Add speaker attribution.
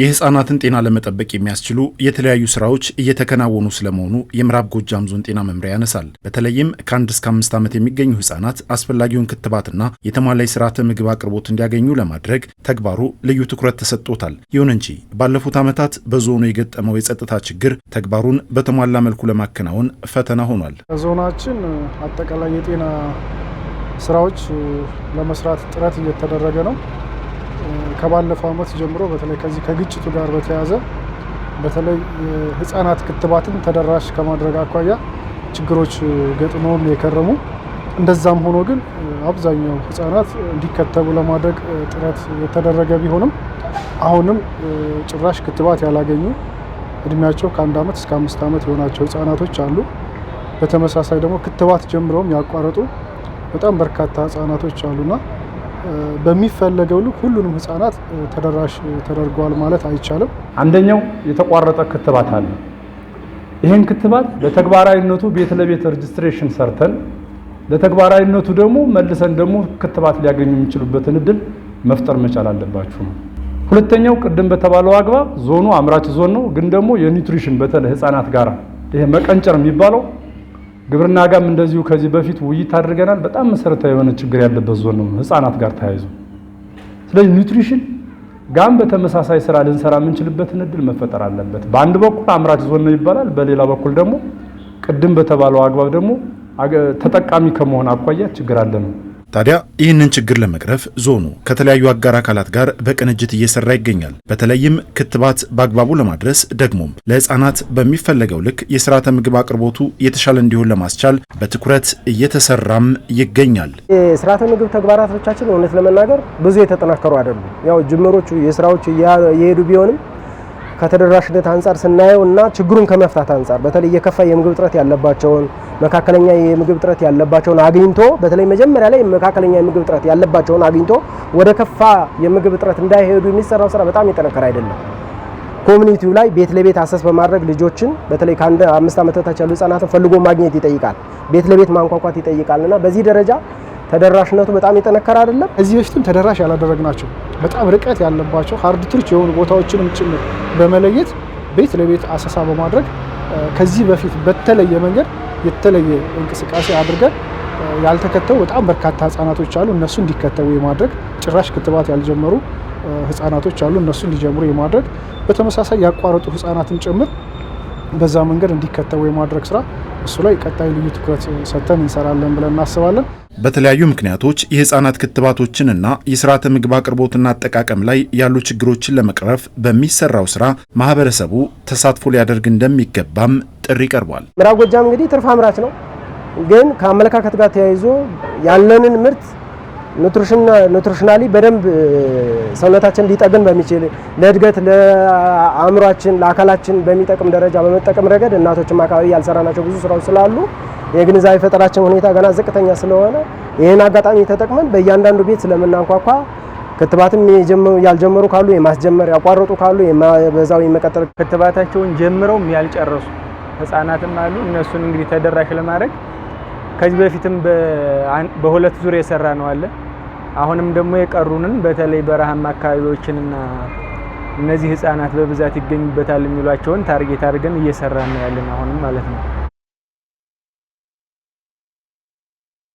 Speaker 1: የህፃናትን ጤና ለመጠበቅ የሚያስችሉ የተለያዩ ስራዎች እየተከናወኑ ስለመሆኑ የምዕራብ ጎጃም ዞን ጤና መምሪያ ያነሳል። በተለይም ከአንድ እስከ አምስት ዓመት የሚገኙ ህፃናት አስፈላጊውን ክትባትና የተሟላ ስርዓተ ምግብ አቅርቦት እንዲያገኙ ለማድረግ ተግባሩ ልዩ ትኩረት ተሰጥቶታል። ይሁን እንጂ ባለፉት ዓመታት በዞኑ የገጠመው የጸጥታ ችግር ተግባሩን በተሟላ መልኩ ለማከናወን ፈተና ሆኗል።
Speaker 2: ዞናችን አጠቃላይ የጤና ስራዎች ለመስራት ጥረት እየተደረገ ነው። ከባለፈው ዓመት ጀምሮ በተለይ ከዚህ ከግጭቱ ጋር በተያያዘ በተለይ ህጻናት ክትባትን ተደራሽ ከማድረግ አኳያ ችግሮች ገጥመውን የከረሙ እንደዛም ሆኖ ግን አብዛኛው ህጻናት እንዲከተቡ ለማድረግ ጥረት የተደረገ ቢሆንም አሁንም ጭራሽ ክትባት ያላገኙ እድሜያቸው ከአንድ ዓመት እስከ አምስት ዓመት የሆናቸው ህጻናቶች አሉ። በተመሳሳይ ደግሞ ክትባት ጀምረውም ያቋረጡ በጣም በርካታ ህጻናቶች አሉና በሚፈለገው ልክ ሁሉንም ህጻናት ተደራሽ ተደርገዋል ማለት አይቻልም።
Speaker 3: አንደኛው የተቋረጠ ክትባት አለ። ይህን ክትባት ለተግባራዊነቱ ቤት ለቤት ሬጅስትሬሽን ሰርተን ለተግባራዊነቱ ደግሞ መልሰን ደግሞ ክትባት ሊያገኙ የሚችሉበትን እድል መፍጠር መቻል አለባችሁ ነው። ሁለተኛው ቅድም በተባለው አግባብ ዞኑ አምራች ዞን ነው፣ ግን ደግሞ የኒውትሪሽን በተለይ ህጻናት ጋር ይሄ መቀንጨር የሚባለው ግብርና ጋም እንደዚሁ ከዚህ በፊት ውይይት አድርገናል። በጣም መሰረታዊ የሆነ ችግር ያለበት ዞን ነው ህፃናት ጋር ተያይዞ። ስለዚህ ኒውትሪሽን ጋም በተመሳሳይ ስራ ልንሰራ የምንችልበትን እድል መፈጠር አለበት። በአንድ በኩል አምራች ዞን ነው ይባላል፣ በሌላ በኩል ደግሞ ቅድም በተባለው አግባብ ደግሞ ተጠቃሚ ከመሆን አኳያ ችግር አለ ነው
Speaker 1: ታዲያ ይህንን ችግር ለመቅረፍ ዞኑ ከተለያዩ አጋር አካላት ጋር በቅንጅት እየሰራ ይገኛል። በተለይም ክትባት በአግባቡ ለማድረስ ደግሞም ለህፃናት በሚፈለገው ልክ የስርዓተ ምግብ አቅርቦቱ የተሻለ እንዲሆን ለማስቻል በትኩረት እየተሰራም ይገኛል።
Speaker 4: የስርዓተ ምግብ ተግባራቶቻችን እውነት ለመናገር ብዙ የተጠናከሩ አይደሉም። ያው ጅምሮቹ የስራዎች እየሄዱ ቢሆንም ከተደራሽነት አንጻር ስናየው እና ችግሩን ከመፍታት አንጻር በተለይ የከፋ የምግብ እጥረት ያለባቸውን መካከለኛ የምግብ እጥረት ያለባቸውን አግኝቶ በተለይ መጀመሪያ ላይ መካከለኛ የምግብ እጥረት ያለባቸውን አግኝቶ ወደ ከፋ የምግብ እጥረት እንዳይሄዱ የሚሰራው ስራ በጣም የጠነከረ አይደለም። ኮሚኒቲው ላይ ቤት ለቤት አሰስ በማድረግ ልጆችን በተለይ ከአንድ አምስት ዓመት በታች ያሉ ህጻናትን ፈልጎ ማግኘት ይጠይቃል። ቤት ለቤት ማንኳኳት ይጠይቃል እና በዚህ ደረጃ ተደራሽነቱ በጣም የጠነከረ አይደለም።
Speaker 5: ከዚህ በፊትም ተደራሽ ያላደረግናቸው በጣም ርቀት ያለባቸው ሀርድ ትርች የሆኑ ቦታዎችንም ጭምር በመለየት ቤት ለቤት አሰሳ በማድረግ ከዚህ በፊት በተለየ መንገድ የተለየ እንቅስቃሴ አድርገን ያልተከተቡ በጣም በርካታ ህጻናቶች አሉ። እነሱ እንዲከተቡ የማድረግ ጭራሽ ክትባት ያልጀመሩ ህጻናቶች አሉ። እነሱ እንዲጀምሩ የማድረግ በተመሳሳይ ያቋረጡ ህጻናትን ጭምር በዛ መንገድ እንዲከተቡ የማድረግ ስራ እሱ ላይ ቀጣይ ልዩ ትኩረት ሰጥተን እንሰራለን ብለን እናስባለን።
Speaker 1: በተለያዩ ምክንያቶች የህፃናት ክትባቶችንና የስርዓተ ምግብ አቅርቦትና አጠቃቀም ላይ ያሉ ችግሮችን ለመቅረፍ በሚሰራው ስራ ማህበረሰቡ ተሳትፎ ሊያደርግ እንደሚገባም ጥሪ ቀርቧል።
Speaker 4: ምዕራብ ጎጃም እንግዲህ ትርፍ አምራች ነው፣ ግን ከአመለካከት ጋር ተያይዞ ያለንን ምርት ኑትሪሽናሊ በደንብ ሰውነታችን ሊጠግን በሚችል ለእድገት ለአእምሯችን ለአካላችን በሚጠቅም ደረጃ በመጠቀም ረገድ እናቶችም አካባቢ ያልሰራናቸው ብዙ ስራዎች ስላሉ የግንዛቤ ፈጠራችን ሁኔታ ገና ዝቅተኛ ስለሆነ ይህን አጋጣሚ ተጠቅመን በእያንዳንዱ ቤት ስለምናንኳኳ ክትባትም ያልጀመሩ ካሉ የማስጀመር ያቋረጡ ካሉ በዛው የመቀጠል
Speaker 6: ክትባታቸውን ጀምረውም ያልጨረሱ ህጻናትም አሉ። እነሱን እንግዲህ ተደራሽ ለማድረግ ከዚህ በፊትም በሁለት ዙር የሰራ ነው አለ አሁንም ደግሞ የቀሩንን በተለይ በረሃማ አካባቢዎችንና እነዚህ ህጻናት በብዛት ይገኙበታል የሚሏቸውን ታርጌት አድርገን እየሰራ ያለን አሁንም ማለት ነው።